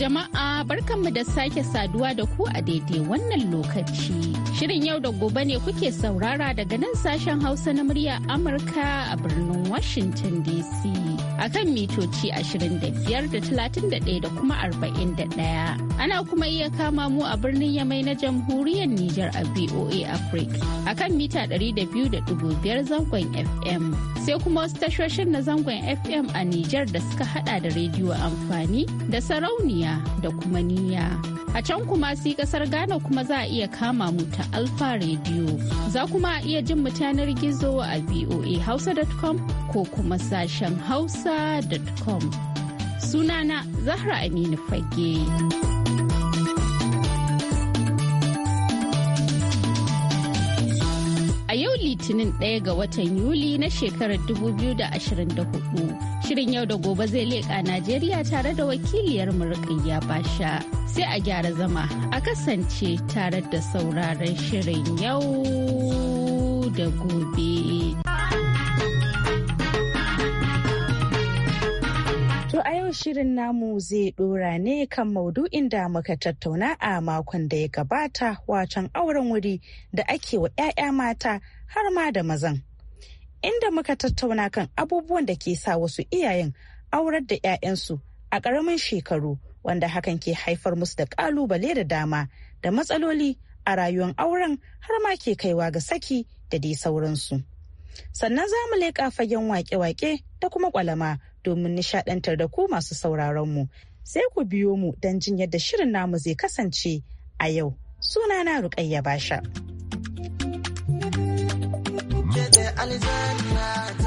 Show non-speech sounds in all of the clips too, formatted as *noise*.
jama'a barkanmu da sake saduwa da ku a daidai wannan lokaci. Shirin yau da gobe ne kuke saurara daga nan sashen Hausa na murya Amurka a birnin Washington DC. akan mitoci 25 da 31 da kuma 41. Ana kuma iya kama mu a birnin Yamai na jamhuriyar Nijar a VOA Africa a kan mita 200.5 zangon FM. Sai kuma wasu tashoshin na zangon FM a Nijar da suka hada da rediyo amfani da sarauniya da kuma niya. A can kuma si kasar Ghana kuma za a iya kama mu ta Alfa Radio. Za kuma a iya jin mu gizo a Hausa.com ko kuma sashen hausa.com. Sunana Zahra Aminu Fage. litinin 1 ga watan yuli na shekarar 2024 shirin yau da gobe zai leƙa najeriya tare da wakiliyar murƙayya basha sai a gyara zama a kasance tare da sauraron shirin yau da gobe. To a yau shirin namu zai dora ne kan maudu'in da muka tattauna a makon da ya gabata wacan auren wuri da ake wa 'ya'ya mata har ma da mazan. Inda muka tattauna kan abubuwan da ke sa wasu iyayen aurar da 'ya'yansu a ƙaramin shekaru wanda hakan ke haifar musu da ƙalubale da dama da matsaloli a rayuwar auren har ma ke kaiwa ga saki da dai sauransu. Sannan za mu leƙa fagen wake-wake da kuma ƙwalama domin nishadantar da ku masu sauraronmu. Sai ku biyo mu don jin yadda shirin namu zai kasance a yau. suna na Rukayya Basha. Alexandra.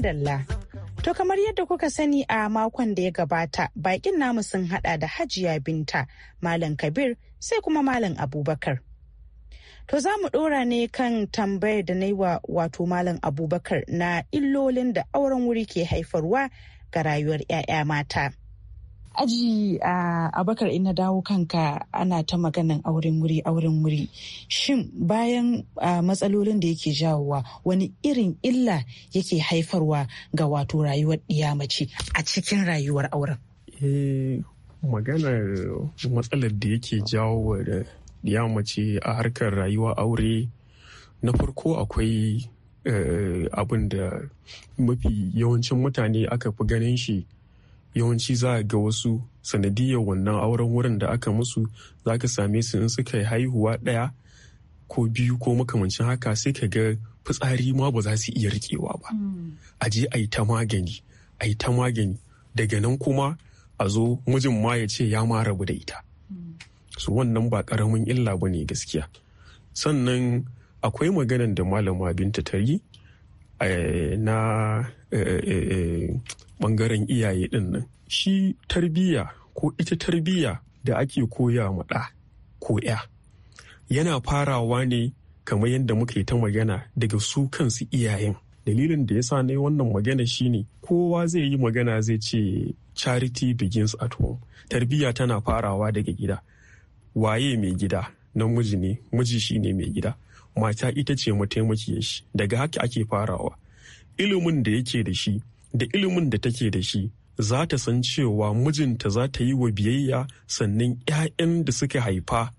madalla. To kamar yadda kuka sani a makon da ya gabata bakin namu sun hada da hajiya binta, Malam Kabir sai kuma Malam Abubakar. To za mu ɗora ne kan tambayar da na yi wa wato Malam Abubakar na illolin da auren wuri ke haifarwa ga rayuwar 'ya'ya mata. Aji a abakar in na dawo kanka ana ta maganan auren wuri auren wuri. Shin bayan matsalolin da yake jawowa wani irin illa yake haifarwa ga wato rayuwar mace a cikin rayuwar auren? Eh, maganar matsalar da yake jawo da ya mace a harkar rayuwa aure na farko akwai eh, abin da mafi yawancin mutane aka fi ganin shi yawanci za a ga wasu sanadiyar wannan auren wurin da aka musu za ka same su in suka yi haihuwa ɗaya ko biyu ko makamancin haka sai ka ga fitsari ma ba za su iya riƙewa ba a je a yi ta magani a yi ta magani daga nan kuma a zo mijin ma ya ce ya ma rabu da ita su wannan ba ƙaramin illa ba ne gaskiya sannan akwai maganan da malama binta ta yi eh, na eh, eh, bangaren iyaye din nan shi tarbiyya ko ita tarbiyya da ake koya ma ɗa ko ya yana farawa ne kamar yadda muka yi ta magana daga su kansu iyayen dalilin da ya sa na wannan magana shine kowa zai yi magana zai ce charity begins at home tarbiyya tana farawa daga gida waye mai gida namiji ne miji shi ne mai gida mata ita ce mataimakiyar shi daga haka ake farawa ilimin da yake da shi da ilimin da take da shi za ta san cewa mijinta za ta yi wa biyayya sannan 'ya'yan da suka haifa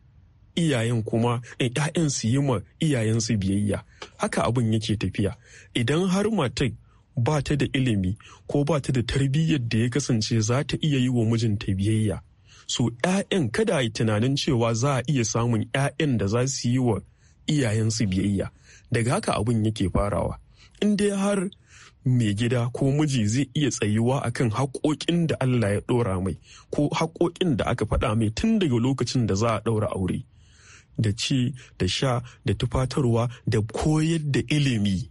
iyayen kuma 'ya'yan eh, su yi ma iyayensu biyayya haka abin yake tafiya idan har matar ba ta da ilimi ko ba ta da tarbiyyar da ya kasance za ta iya yi wa mijinta biyayya so 'ya'yan kada a yi tunanin cewa za a iya samun 'ya'yan da za su yi wa iyayensu biyayya daga haka abin yake farawa in dai har mai gida ko miji zai iya tsayuwa akan haƙoƙin da Allah ya ɗora mai ko haƙoƙin da aka faɗa mai tun daga lokacin da za a ɗaura aure da ci da sha da tufatarwa da koyar da ilimi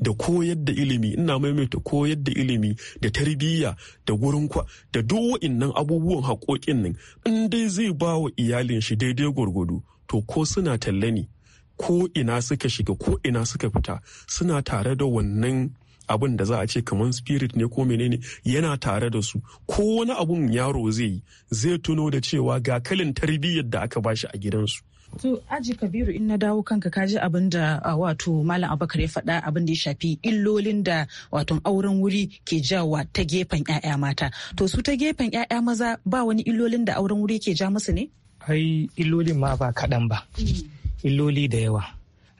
da koyar da ilimi ina maimaita koyar da ilimi da tarbiyya da gurin kwa da duk wa'innan abubuwan haƙoƙin nan in dai zai ba wa iyalin shi daidai gwargwado to ko suna talle ne ko ina suka shiga ko ina suka fita suna tare da wannan abin da za a ce kamar spirit ne ko menene yana tare da su ko wani abun yaro zai yi zai tuno da cewa ga kalin tarbiyyar da aka bashi a gidansu To aji Kabiru in na dawo kanka ka ji abin da wato Malam Abubakar ya faɗa abin da ya shafi illolin da wato auren wuri ke jawa ta gefen 'ya'ya mata. To su ta gefen 'ya'ya maza ba wani illolin da auren wuri ke ja musu ne? Ai illolin ma ba kaɗan ba. Mm. illoli da yawa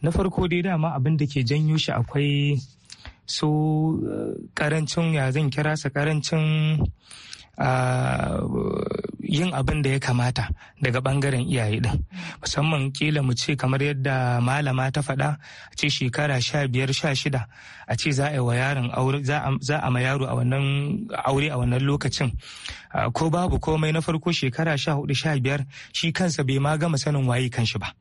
na farko dai dama abin da ke janyo shi akwai su karancin eh, ya zan kira sa karancin eh, yin abin da ya kamata daga bangaren iyaye din musamman kila mu ce kamar yadda malama ta faɗa a ce shekara sha biyar sha shida a ce za a wa yaron za a ma yaro a wannan aure a wannan lokacin ah, ko babu komai na farko shekara sha hudu sha biyar shi kansa bai ma gama sanin waye kan shi ba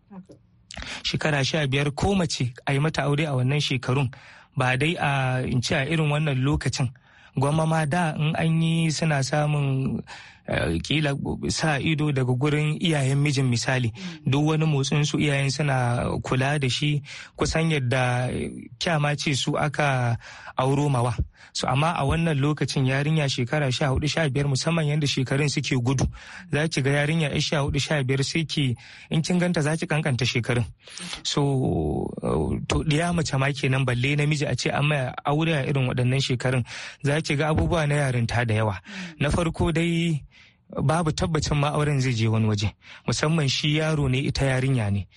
shekara sha biyar ko mace a yi mata aure a wannan shekarun ba dai a in ce a irin wannan lokacin gwamma ma da in an yi suna samun Eh, kila sa ido daga gurin iyayen mijin misali duk wani motsin su iyayen suna kula da shi kusan yadda kyama ce su aka auro mawa su amma a wannan lokacin yarinya shekara sha hudu sha biyar musamman yadda shekarun suke gudu za ki ga yarinya ya sha hudu sha biyar sai ki in kin ganta za ki kankanta shekarun so to diya mace ma kenan balle namiji a ce an mai aure a irin waɗannan shekarun za ki ga abubuwa na yarinta da yawa na farko dai babu tabbacin ma'auren zai je wani waje musamman shi yaro ne ita yarinya ne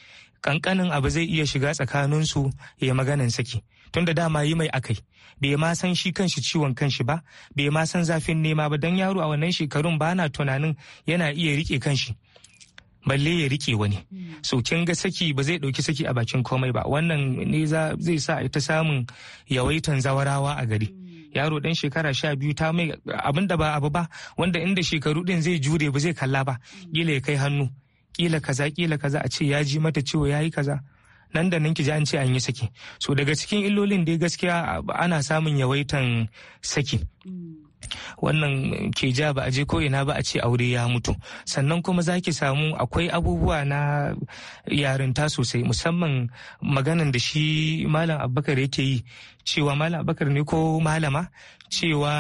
kankanin abu zai iya shiga tsakaninsu ya maganan saki tun da dama yi mai akai bai ma san shi kanshi ciwon kanshi ba bai ma san zafin nema ba don yaro a wannan shekarun ba na tunanin yana iya rike kanshi balle ya rike wani hmm. so kin ga saki ba zai dauki saki a bakin komai ba wannan ne zai sa ita samun yawaitan zawarawa a gari hmm. yaro dan shekara sha biyu ta mai abin da ba abu ba wanda inda shekaru din zai jure ba zai kalla ba kila ya kai hannu kila kaza kila kaza a ce ya ji mata cewa ya yi kaza nan da nan ki ji an ce an yi saki so daga cikin illolin dai gaskiya ana samun yawaitan saki mm. wannan ke ja ba a je ko ina ba a ce aure ya mutu sannan kuma za ki samu akwai abubuwa na yarinta sosai musamman maganan da shi malam abubakar yake yi cewa malam abubakar ne ko malama cewa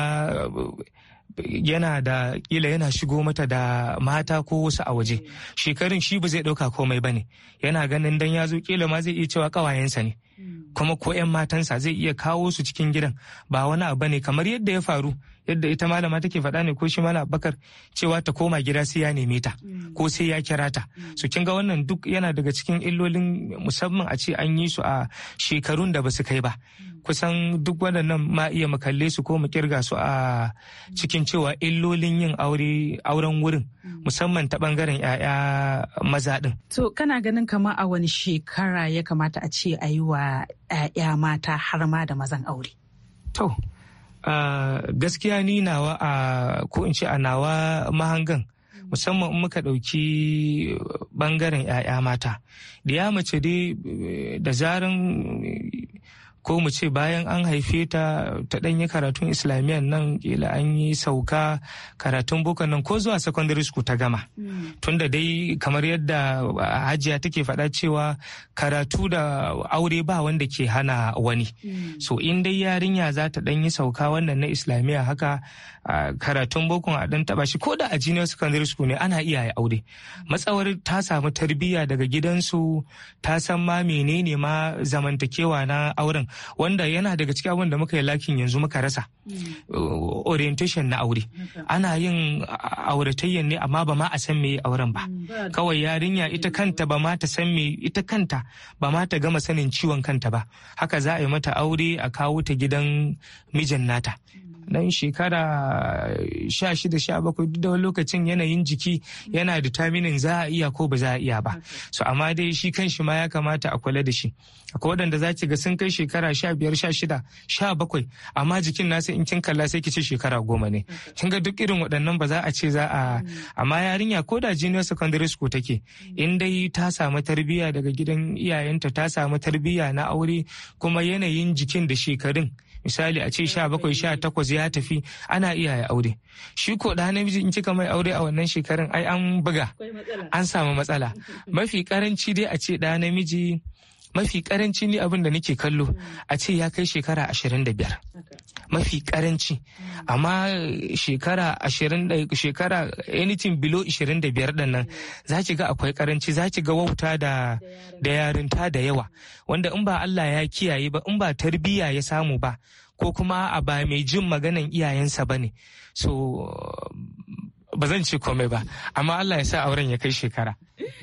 yana da ƙila yana shigo mata da mata ko wasu a waje shekarun shi ba zai ɗauka komai ba ne yana ganin dan ya zo kila ma zai iya cewa ƙawayensa ne hmm. kuma ko 'yan matansa zai iya kawo su cikin gidan ba wani abu ne kamar yadda ya faru yadda ita malama take faɗa ne ko shi malam bakar cewa ta koma gida sai ya neme ta mm. ko sai ya kira ta mm. so kin ga wannan duk yana daga cikin illolin musamman a ce an yi su a shekarun da ba su kai ba mm. kusan duk waɗannan ma iya mu kalle su ko mu kirga su a cikin cewa illolin yin aure auren wurin musamman ta bangaren 'ya'ya maza din. to kana ganin kamar a wani shekara ya kamata a ce a yi wa 'ya'ya mata har ma da mazan aure to gaskiya ni nawa a ko in ce a nawa mahangan musamman in muka ɗauki bangaren 'ya'ya mata da ya mace dai da zaran ko mu ce bayan an haife ta ta ɗanyi karatun islamiyan nan kila an yi sauka karatun boko nan ko zuwa secondary school ta gama mm. tunda dai kamar yadda hajiya take faɗa cewa karatu da aure ba wanda ke hana wani mm. so in dai yarinya za ta ɗanyi sauka wannan na islamiyya haka a karatun boko a dan taba shi ko da a junior secondary school ne ana iya ya aure matsawar ta samu tarbiyya daga gidansu ta san ma menene ma zamantakewa na auren wanda yana daga cikin abin da muka yi lakin yanzu muka rasa mm. orientation na aure ana yin auratayyan ne amma ba ma a san me auren ba mm, kawai yarinya ita kanta ba ma ta san me ita kanta ba ma ta gama sanin ciwon kanta ba haka za a yi mata aure a kawo ta gidan mijin nata mm. nan shekara sha shida sha bakwai duk da wani lokacin yanayin jiki yana taminin za a iya ko ba za a iya ba so amma dai shi kan shi ma ya kamata a kula da shi akwai waɗanda za ga sun kai shekara sha biyar sha shida sha bakwai amma jikin nasu in kin kalla sai ki ce shekara goma ne kin ga duk irin waɗannan ba za a ce za a hmm. amma yarinya ko da junior secondary school take hmm. in dai ta samu tarbiyya daga gidan iyayenta ta samu tarbiyya na aure kuma yanayin jikin da shekarun misali a ce sha bakwai sha takwas ya tafi ana iya ya aure shi ko da namiji in kika mai aure a wannan shekarun ai an buga an samu matsala mafi karanci dai a ce da namiji mafi karanci ne abin da nake kallo a ce ya kai shekara ashirin da biyar mafi karanci amma shekara ashirin da shekara anything below ishirin da biyar nan za ki ga akwai karanci za ki ga wauta da da yarinta da yawa wanda in ba Allah ya kiyaye ba in ba tarbiyya ya samu ba ko kuma a ba mai jin maganan iyayensa ba ne so ba zan ce komai ba amma Allah ya sa auren ya kai shekara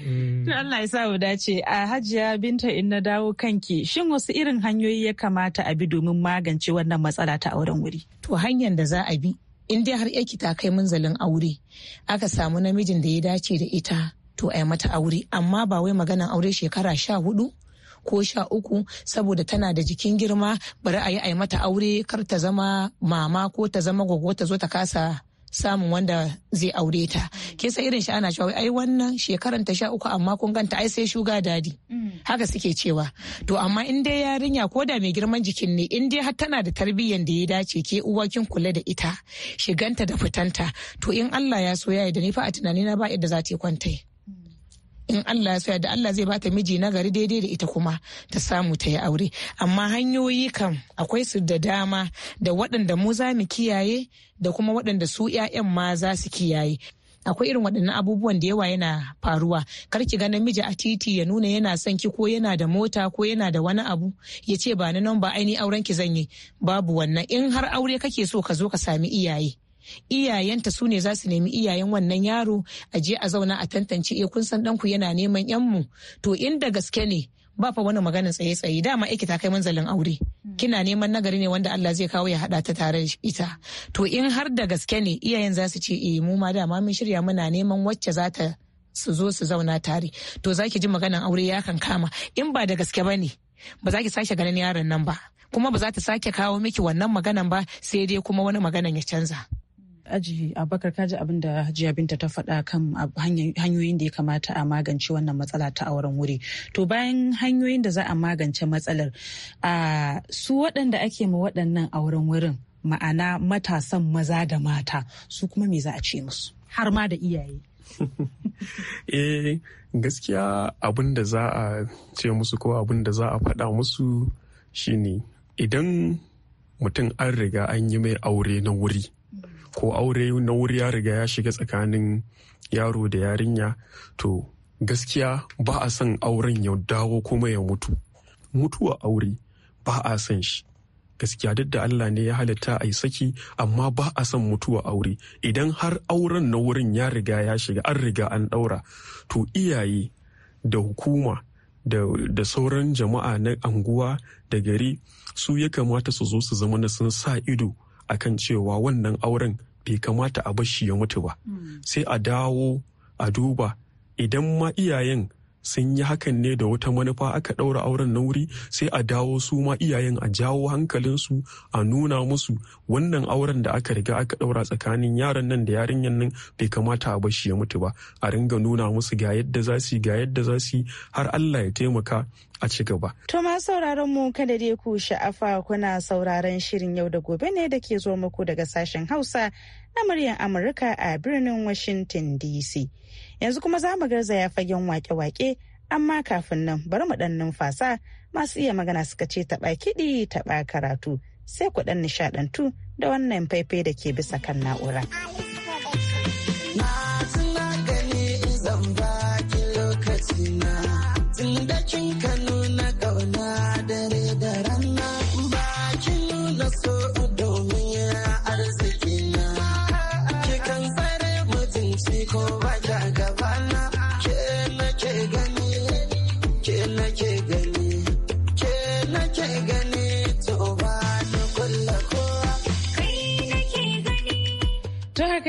Mm. To Allah ya sa mu dace a Hajiya Binta in na dawo kanki shin wasu irin hanyoyi ya kamata a bi domin magance wannan matsala ta auren wuri? To hanyar da za a bi in dai har yaki ta kai munzalin aure aka samu namijin da ya dace da ita to a mata aure amma ba wai maganan aure shekara sha hudu ko sha uku saboda tana da jikin girma bari a yi a mata aure kar ta zama mama ko ta zama gwaggo ta zo ta kasa samun wanda zai aure ta ke sai irin shi ana cewa ai wannan shekaran ta sha uku amma kun ganta ai sai shuga dadi mm. haka suke cewa to amma in dai yarinya ko da mai girman jikin ne in dai har tana da tarbiyyan da ya dace ke uwa kin kula da ita shiganta da fitanta to in Allah ya so ya da ni fa a na ba yadda za ta kwanta in Allah ya soya da Allah zai bata miji na gari daidai da ita kuma ta samu ta yi aure amma hanyoyi kan akwai su da dama da waɗanda mu za mu kiyaye da kuma waɗanda su 'ya'yan ma za su kiyaye akwai irin waɗannan abubuwan da yawa yana faruwa kar ki ga namiji a titi ya nuna yana son ki ko yana da mota ko yana da wani abu ya ce ba ni nan ba aini auren ki zan yi babu wannan in har aure kake so ka zo ka sami iyaye iyayenta su ne za su nemi iyayen wannan yaro a je a zauna a tantance e kun san danku yana neman yanmu to inda gaske ne ba fa wani maganin tsaye-tsaye dama aiki ta kai manzalin aure kina neman nagari ne wanda Allah zai kawo ya hada ta tare ita to in har da gaske ne iyayen za su ce e mu ma dama mun shirya muna neman wacce za ta su zo su zauna tare to zaki ji maganan aure ya kan kama in ba da gaske ba ne ba za sake ganin yaron nan ba kuma ba za ta sake kawo miki wannan maganan ba sai dai kuma wani maganan ya canza. aji abakar kaji abin da hajiya binta ta faɗa kan hanyoyin da ya kamata a magance wannan matsala ta auren wuri to bayan hanyoyin da za a magance matsalar a su waɗanda ake ma waɗannan auren wurin ma'ana matasan maza da mata su kuma me za a ce musu har ma da iyaye *laughs* eh gaskiya abin da za a ce musu ko abin da za a faɗa musu shine idan mutum an riga an yi mai aure na wuri ko aure na wuri ya riga ya shiga tsakanin yaro da yarinya to gaskiya ba a son auren ya dawo kuma ya mutu mutuwa aure ba a son shi gaskiya duk da Allah ne ya halitta a yi saki amma ba a son mutuwa aure idan har auren na wurin ya riga ya shiga an riga an daura to iyaye da hukuma da, sauran jama'a na anguwa da gari su ya kamata su zo su zama na sun sa ido akan cewa wannan auren bai kamata a bashi ya mutu ba hmm. sai a dawo a duba idan ma iyayen sun yi hakan ne da wata manufa aka ɗaura auren na wuri sai a dawo su ma iyayen a jawo hankalinsu a nuna musu wannan auren da aka riga aka ɗaura tsakanin yaran nan da yarinyan nan bai kamata a bashi ya mutu ba a ringa nuna musu ga yadda za su ga yadda za su har Allah ya taimaka a ci gaba. To ma sauraron mu kada dai ku sha'afa kuna sauraron shirin yau da gobe ne da ke zo muku daga sashen Hausa na muryar Amurka a birnin Washington DC. yanzu kuma za mu ya fagen wake-wake amma kafin nan bari mu dan numfasa masu iya magana suka ce taɓa kiɗi taɓa karatu sai ku dan nishaɗantu da wannan faifai da ke bisa kan na'ura.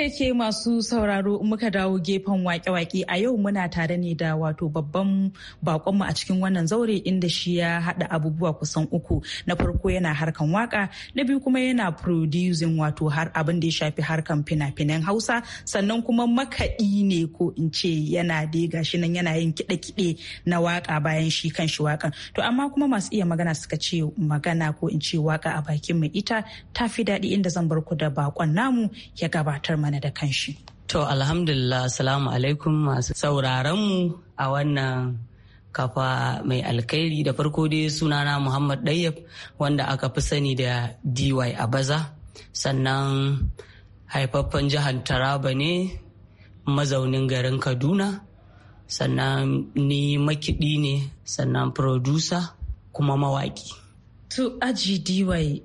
da ke masu sauraro muka dawo gefen wake-wake a yau muna tare ne da wato babban bakonmu a cikin wannan zaure inda shi ya hada abubuwa kusan uku na farko yana harkan waka na biyu kuma yana producing wato har abin da ya shafi harkan fina-finan hausa sannan kuma makaɗi ne ko in ce yana dai gashi nan yana yin kiɗe-kiɗe na waka bayan shi kan shi wakan to amma kuma masu iya magana suka ce magana ko in ce waka a bakin mai ita ta fi daɗi inda zan bar ku da bakon namu ya gabatar mana magana da kanshi. To alhamdulillah salamu alaikum masu Sauraronmu a wannan kafa mai alkhairi da farko dai sunana Muhammad Dayyab wanda aka fi sani da DY Abaza sannan haifaffen jihar Taraba ne mazaunin garin Kaduna sannan ni makiɗi ne sannan producer kuma mawaki. To aji diwai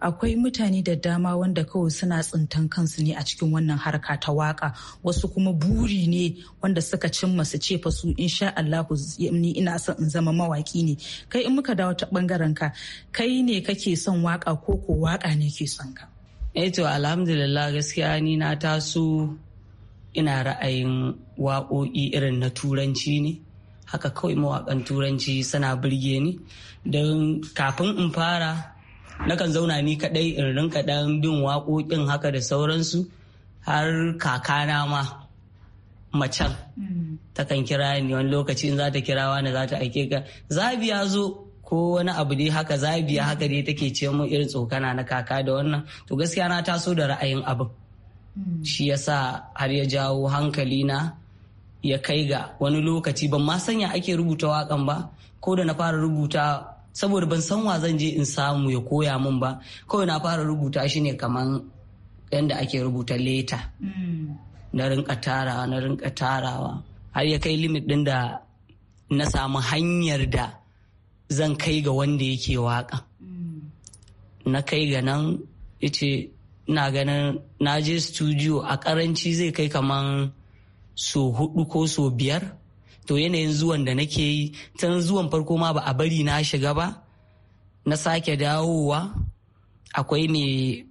akwai mutane da dama wanda kawai suna tsintan kansu ne a cikin wannan harka ta waka wasu kuma buri ne wanda suka cimma su ce fa su insha Allahu ni ina son in zama mawaki ne kai in muka dawo ta bangaren ka kai ne kake son waka ko ko waka ne ke son ka eh to alhamdulillah gaskiya ni na taso ina ra'ayin waƙoƙi irin na turanci ne haka kawai mawakan turanci suna birge ni don kafin in fara nakan zauna ni kadai in rinka dan bin waƙoƙin haka da sauransu har kakana ma macen takan kira ni wani lokaci in za ta kira wani za ta aike ka zabi ya zo ko wani abu dai haka zabiya haka dai take ce mu irin tsokana na kaka da wannan to gaskiya na taso da ra'ayin abin hmm. shi yasa har ya jawo hankali na ya kai ga wani lokaci ban ma sanya ake rubuta wakan ba ko da na fara rubuta saboda ban san wa zan je in samu ya koya min ba kawai na fara rubuta shi ne kaman yadda ake rubuta leta mm. na rinka tarawa na rinka tarawa har ya kai limit din da na samu hanyar da zan kai ga wanda yake waka mm. na kai ga nan ya ce na ganin na je studio a karanci zai kai kaman so hudu ko so biyar to yanayin zuwan da nake yi tun zuwan farko ma ba a bari na shiga ba na sake dawowa akwai ne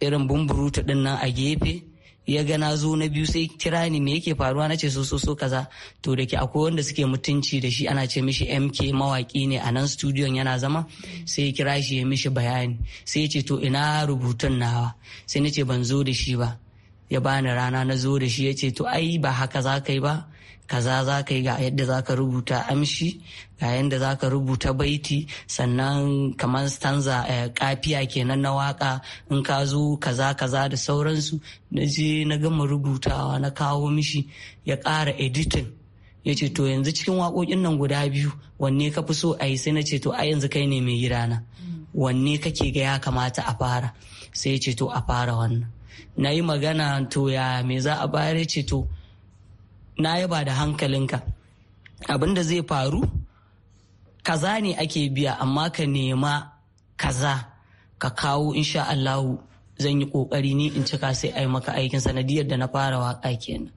irin bumburutu din nan a gefe ya ga na zo na biyu sai kira ni me yake faruwa na ce so so so kaza to da ke akwai wanda suke mutunci da shi ana ce mishi mk mawaki ne a nan studion yana zama sai kira shi ya mishi bayani sai ya ce to ina rubutun nawa sai na ce ban zo da shi ba ya bani rana na zo da shi ya ce to ai ba haka za ka yi ba kaza za ka yi ga yadda za ka rubuta amshi ga yadda za ka rubuta baiti sannan kamar stanza eh, kafiya kenan na waka in ka zo kaza kaza da sauransu na je na gama rubutawa na kawo mishi ya ƙara editing ya ce to yanzu cikin waƙoƙin nan guda biyu wanne ka fi so a yi sai na ce to a yanzu kai ne mai gidana. na wanne kake ga ya kamata a fara sai ce to a fara wannan na yi magana to ya me za a bayar ce to na yaba da hankalinka abin da zai faru kaza ne ake biya amma ka nema kaza ka kawo insha Allahu zan yi kokari ni in cika sai ai maka aikin sanadiyar da na fara waka kenan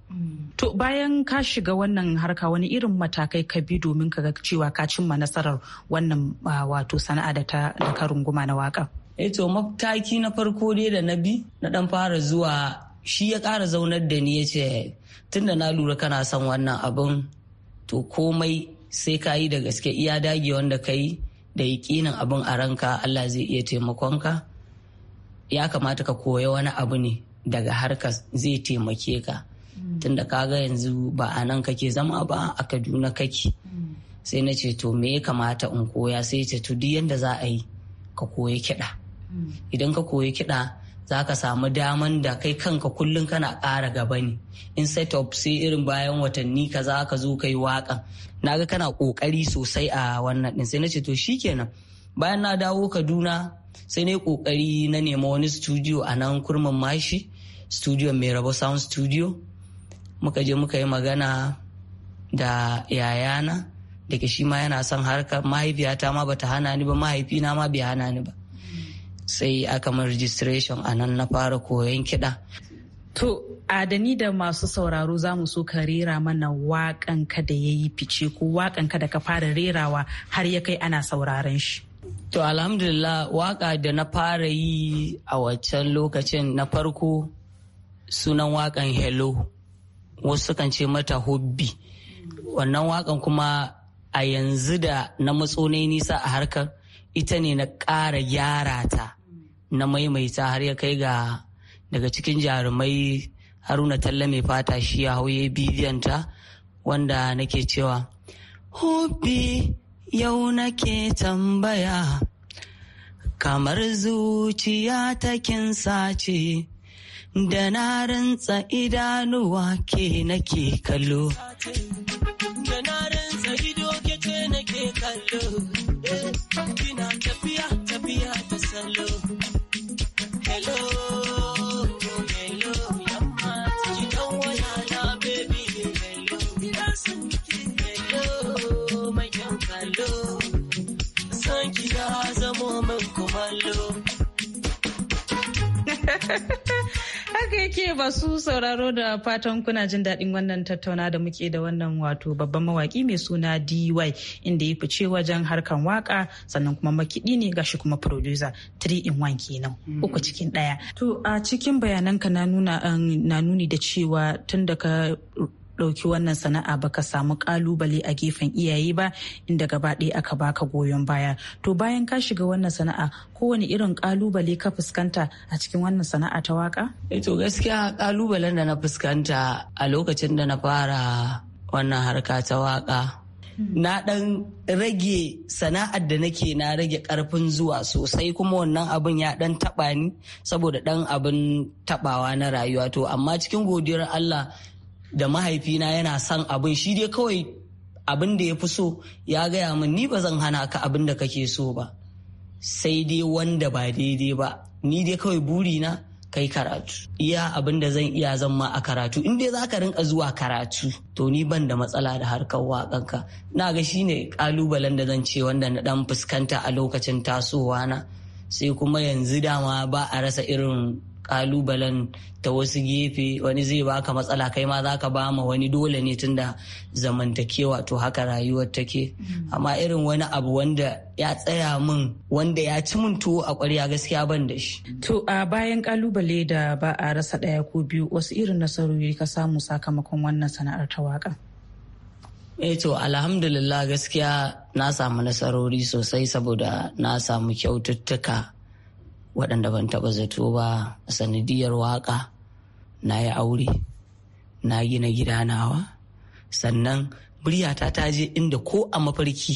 To bayan ka shiga wannan harka wani irin matakai ka bi domin ka ga cewa ka cimma nasarar wannan wato sana'a da ta da ka runguma na waka. Eh to mataki na farko dai da na bi na dan fara zuwa shi ya kara zaunar da ni yace tunda na lura kana son wannan abun to komai sai ka yi da gaske iya dage wanda ka da yaƙinin abin a ranka Allah zai iya taimakonka. ya kamata ka koya wani abu ne daga harka zai taimake ka mm. tunda kaga yanzu ba a nan kake zama ba a kaduna kake mm. sai na ce to me ya kamata in koya sai ce to duk yanda za a yi ka koyi kiɗa mm. idan ka koyi kiɗa za ka samu daman da kai kanka kullum kana ƙara gaba ne in set up sai irin bayan watanni ka za ka zo kai waka na ga kana ƙoƙari sosai a wannan ɗin sai na ce to shikenan bayan na dawo kaduna sai na yi kokari na nema wani studio a nan kurmin mashi studio mai rabo sound studio muka je muka yi magana da yayana da ke shi ma yana son harkar mahaifiyata ma bata hana ni ba mahaifina ma bai hana ni ba sai aka ma registration a nan na fara koyon kiɗa. To, Adani da masu sauraro za mu so ka rera mana waƙanka da ya yi fice ko waƙanka da ka fara rerawa har ya kai ana sauraron shi. To alhamdulillah waka da na fara yi a waccan lokacin na farko sunan wakan hello wasu sukan ce mata hobby wannan wakan kuma a yanzu da na matso nisa a harkar ita ne na ƙara gyara ta na maimaita har ya kai ga daga cikin jarumai haruna talla mai fata shi ya hauye bidiyanta wanda nake cewa hobby yau nake tambaya kamar zuciya ta kinsa ce da na rantsa idanuwa ke nake kalo. Haka yake su sauraro da fatan kuna jin daɗin wannan tattauna da muke da wannan wato babban mawaki mai suna DY inda ya fice wajen harkan waka sannan kuma makiɗi ne gashi kuma producer 3 in 1 kenan uku cikin ɗaya. To a cikin bayananka na nuna na nuni da cewa tun da ka ɗauki wannan sana'a baka samu kalubale a gefen iyaye ba inda gaba ɗaya aka baka goyon baya to bayan ka shiga wannan sana'a kowane irin kalubale ka fuskanta a cikin wannan sana'a ta waka eh to gaskiya kalubalen da na fuskanta a lokacin da na fara wannan harka ta waka hmm. na dan rage sana'ar da nake na rage karfin zuwa sosai kuma wannan abin ya dan taba ni saboda dan abin tabawa na rayuwa to amma cikin godiyar Allah da mahaifina yana son abin shi dai kawai abin da ya fi so ya gaya min ni ba zan hana ka abin da kake so ba sai dai wanda ba daidai ba ni dai kawai burina kai karatu iya abin da zan iya zama a karatu in dai zaka rinka zuwa karatu to ni ban da matsala da harkar waƙanka na ga shine kalubalen da zan ce wanda na dan fuskanta a lokacin tasowa na sai kuma yanzu dama ba a rasa irin kalubalen ta wasu gefe wani zai baka matsala kai ma za ka bama wani dole ne tunda zamantakewa to haka rayuwar take mm-hmm. amma irin wani abu wanda ya tsaya min wanda ya ci min tuwo a kwarya gaskiya ban da shi. To a bayan kalubale da ba a rasa ɗaya ko biyu wasu irin nasarori ka samu sakamakon wannan sana'ar ta waka. E, eh to alhamdulillah gaskiya na samu nasarori sosai saboda na samu kyaututtuka waɗanda ban taɓa zato ba sanadiyar waƙa na yi aure na gina gida nawa sannan muryata ta je inda ko a mafarki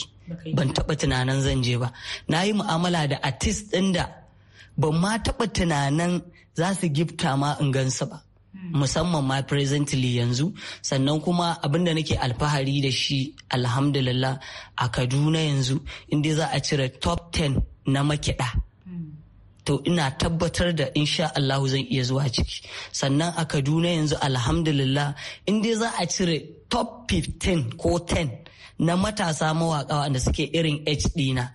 ban taɓa tunanin zan je ba na yi mu'amala da artist ɗin da ban ma taɓa tunanin za su gifta ma in gansa ba hmm. musamman ma presently yanzu sannan kuma abinda nake alfahari da shi alhamdulillah a kaduna yanzu inda za a cire top 10 na makiɗa to ina tabbatar da insha Allahu zan iya zuwa ciki sannan a Kaduna yanzu alhamdulillah in dai za a cire top 15 ko 10 na matasa mawaka wanda suke irin age dina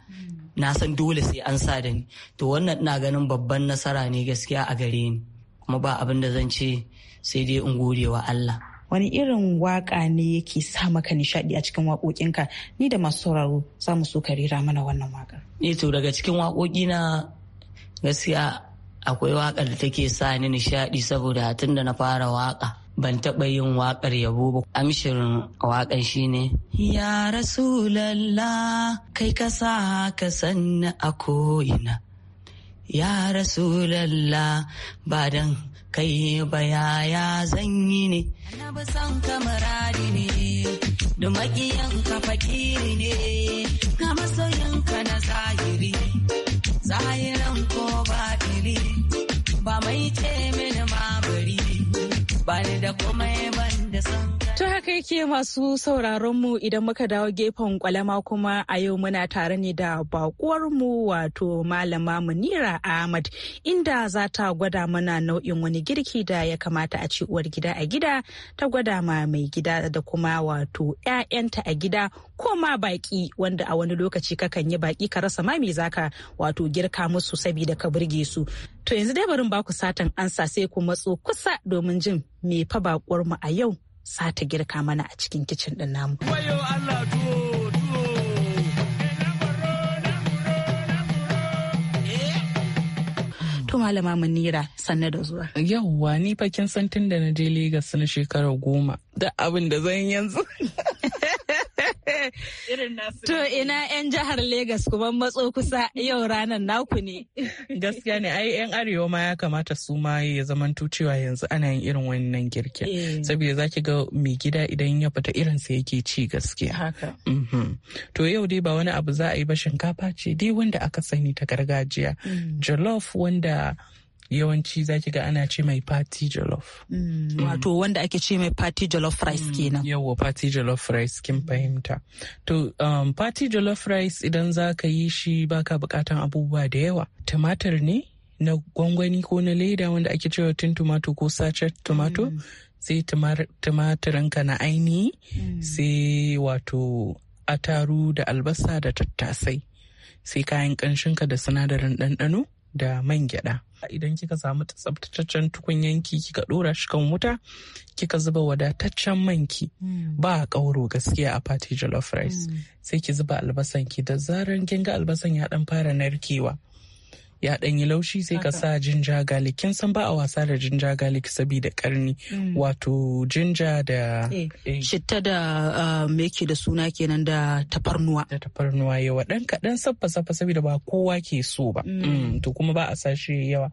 na san dole sai an sa da ni to wannan ina ganin babban nasara ne gaskiya a gare ni kuma ba abin da zan ce sai dai in gode wa Allah wani irin waka ne yake sa maka nishadi a cikin waƙoƙinka ni da masu sauraro za mu so ka rera mana wannan waka. ne eh to daga cikin waƙoƙi na gaskiya akwai waƙar da take sa ni nishaɗi saboda tun da na fara waƙa ban taɓa yin waƙar yabo ba amshirin waƙan shine ya rasulallah kai ka sa ka sanna a ko'ina ya rasulallah ba dan kai ba ya zanyi ne na ba san kamarari ne da makiyan ka fakiri ne ka masoyan ka na zahiri zahirin ko batili ba mai ce mini ma bari ba ni da komai ban da san To haka yake masu sauraron mu idan muka dawo gefen kwalama kuma a yau muna tare ne da bakuwar mu wato malama Munira Ahmad inda za ta gwada mana nau'in wani girki da ya kamata a ci uwar gida a gida ta gwada ma mai gida da kuma wato 'ya'yanta a gida ko ma baki wanda a wani lokaci kakan yi baki ka rasa mami zaka wato girka musu saboda ka burge su. To yanzu dai barin baku satan ansa sai ku matso kusa domin jin me fa bakuwar a yau za ta girka mana a cikin kicin ɗin namu. To malama Munira sanne da zuwa. Yawwa ni fa kin san tun da na je Legas na shekara goma. Da abin da zan yanzu. *laughs* To ina 'yan jihar Legas kuma matso kusa yau ranar naku ne. Gaskiya ne ai 'yan arewa ma ya kamata su ma ya zaman tucewa yanzu ana yin irin wannan girkin. Eh. Saboda ki ga mai gida idan ya fita irin sa yake ci gaskiya. Mhm. To yau dai ba wani abu za a yi ba shinkafa ce dai wanda aka sani ta gargajiya. Mm. Jollof wanda yawanci za ki ga ana ce mai party jollof. Mm, wato wanda ake ce mai party jollof rice mm, kenan. Yawwa party jollof rice kin fahimta. To um, party jollof rice idan za ka yi shi baka bukatan abubuwa da yawa. Tumatir ne na gwangwani ko na leda wanda ake cewa tin tomato ko sachet tomato. Mm. Sai tumaturinka na ainihi sai wato ataru da albasa da tattasai. Sai kayan ƙanshinka da sinadarin ɗanɗano. da man gyada idan kika samu tsabtataccen tukunyanki kika dora shi kan wuta kika zuba wadataccen man ki hmm. ba a kauro gaskiya a party jollof rice hmm. sai ki zuba albasan ki da zarar kin albasan ya dan fara narkewa ya dan laushi sai ka sa jinja garlic kin san ba a wasa da jinja garlic saboda karni mm. wato jinja da shitta eh, eh, da ah, me yake da suna kenan da tafarnuwa da tafarnuwa yawa dan kadan saffa saffa saboda ba kowa ke so ba mm. Mm, to kuma ba a sa yawa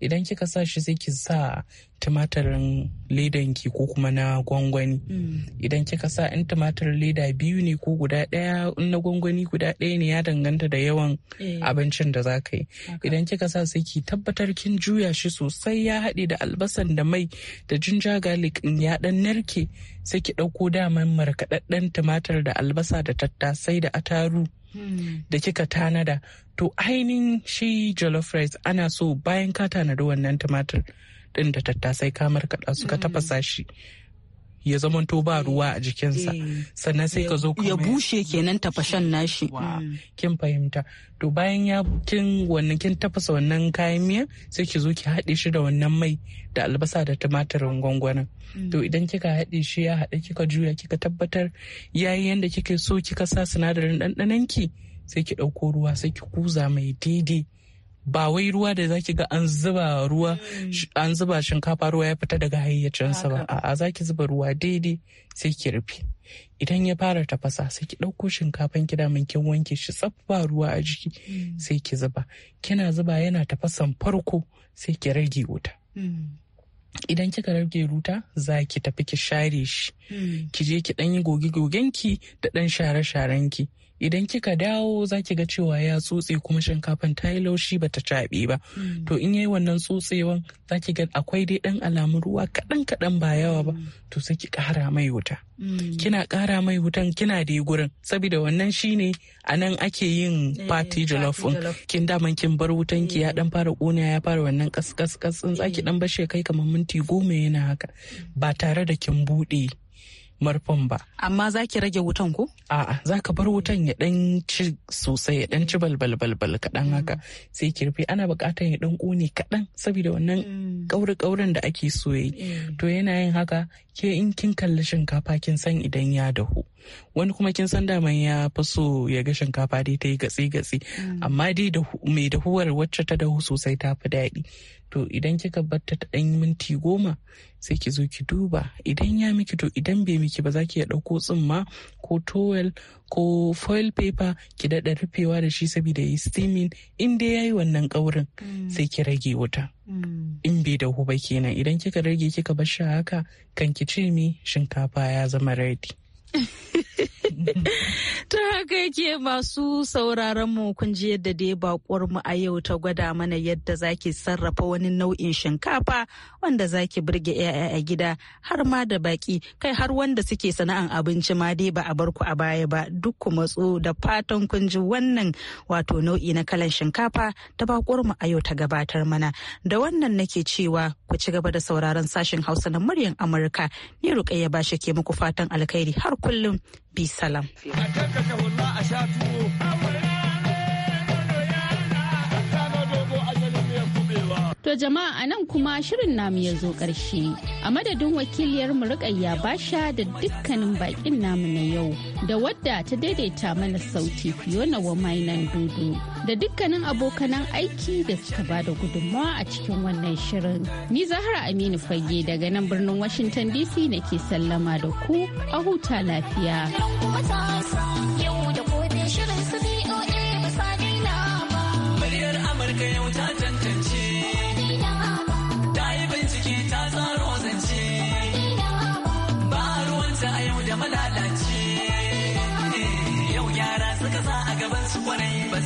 idan kika sa shi sai ki sa tumatirin ki ko kuma na gwangwani mm. idan kika sa in tumatirin leda biyu ne ko guda ɗaya in na gwangwani guda ɗaya ne ya danganta da yawan eh. abincin da za ka yi idan kika sa sai ki tabbatar kin juya shi sosai ya haɗe da albasan da mai da jinja garlic in ya ɗan narke sai ki ɗauko daman markaɗaɗɗen tumatir da albasa da tattasai da ataru hmm. da kika tanada to ainihin shi jollof rice ana so bayan ka tanadi wannan tumatir ɗin da tattasai kamar kaɗa suka mm. tafasa ya zama to ba ruwa a jikinsa eh. sannan sai ka zo ya bushe kenan tafashen nashi mm. kin fahimta to bayan ya kin wannan kin tafasa wannan kayan miya sai ki zo ki haɗe shi da wannan mai da albasa da tumatirin gwangwanin mm. to idan kika haɗe shi ya haɗe kika juya kika tabbatar yayi yanda kike so kika sa sinadarin ɗanɗanon ki sai ki ɗauko ruwa sai ki kuza mai daidai ba wai ruwa da zaki ga an zuba ruwa mm. an zuba shinkafa ruwa ya fita daga hayyacinsa ba a'a zaki zuba ruwa daidai sai ki rufe idan ya fara tafasa sai ki ɗauko shinkafan ki damin kin wanke shi tsaf ba ruwa a jiki mm. sai ki zuba kina zuba yana tafasan farko sai ki rage wuta mm. idan kika rage ruta za ki tafi ki share shi ki je ki ɗan yi goge gogenki da ɗan share sharenki ki idan kika dawo zaki ga cewa ya tsutse kuma shinkafan ta yi laushi ba ta caɓe ba hmm. to in yayi wannan tsutsewan zaki ga akwai dai ɗan alamun ruwa kaɗan kaɗan ba yawa ba hmm. to sai ki ƙara mai wuta hmm. kina ƙara mai wutan kina da gurin saboda wannan shine a nan ake yin eh, party jollof kin daman kin bar wutan ki ya dan eh. fara ƙona ya fara wannan kaskas kas zaki dan eh. bashe kai kamar minti goma yana haka ba tare da kin buɗe marfan ba. Amma za ki rage wutan ko? A'a za ka bar wutan ya dan ci sosai ya dan ci balbal balbal kaɗan haka mm. sai ki rufe ana buƙatar ya dan ƙone kaɗan saboda wannan ƙauri mm. ƙaurin da ake so yi. Mm. To yana yin haka ke in kin kalli shinkafa kin san idan ya dahu. wani kuma kin san daman ya fi so ya ga shinkafa dai ta yi gatsi-gatsi mm. amma dai mai dahuwar wacce ta dahu sosai ta fi daɗi to idan kika batta ta ɗan minti goma sai ki zo ki duba idan ya miki to idan bai miki ba za ki ya ɗauko tsumma ko towel ko foil paper ki daɗa rufewa da shi saboda ya yi steaming in dai ya yi wannan ƙaurin mm. sai ki rage wuta mm. in bai dahu ba kenan idan kika rage kika bar shi haka kan ki ce mi shinkafa ya zama ready. *laughs* ta haka yake masu sauraron mu kun ji yadda dai bakuwar mu a yau ta gwada mana yadda zaki sarrafa wani nau'in shinkafa wanda zaki burge yaya a gida har ma da baki kai har wanda suke sana'an abinci ma dai ba a bar ku a baya ba duk ku matso da fatan kun ji wannan wato nau'i na kalan shinkafa ta bakuwar mu a yau ta gabatar mana da wannan nake cewa ku ci gaba da sauraron sashen Hausa na muryar Amurka ni Rukayya ba shi ke muku fatan alkhairi har كلهم بسلام. في To jama'a a nan kuma shirin namu ya zo ƙarshe. A madadin wakiliyar mu ba Basha da dukkanin baƙin namu na yau da wadda ta daidaita mana sauti Fiona wa mainan dudu da dukkanin abokanan aiki da suka ba da gudunmawa a cikin wannan shirin. Ni Zahra Aminu Fage daga nan birnin Washington DC nake sallama da ku a huta lafiya.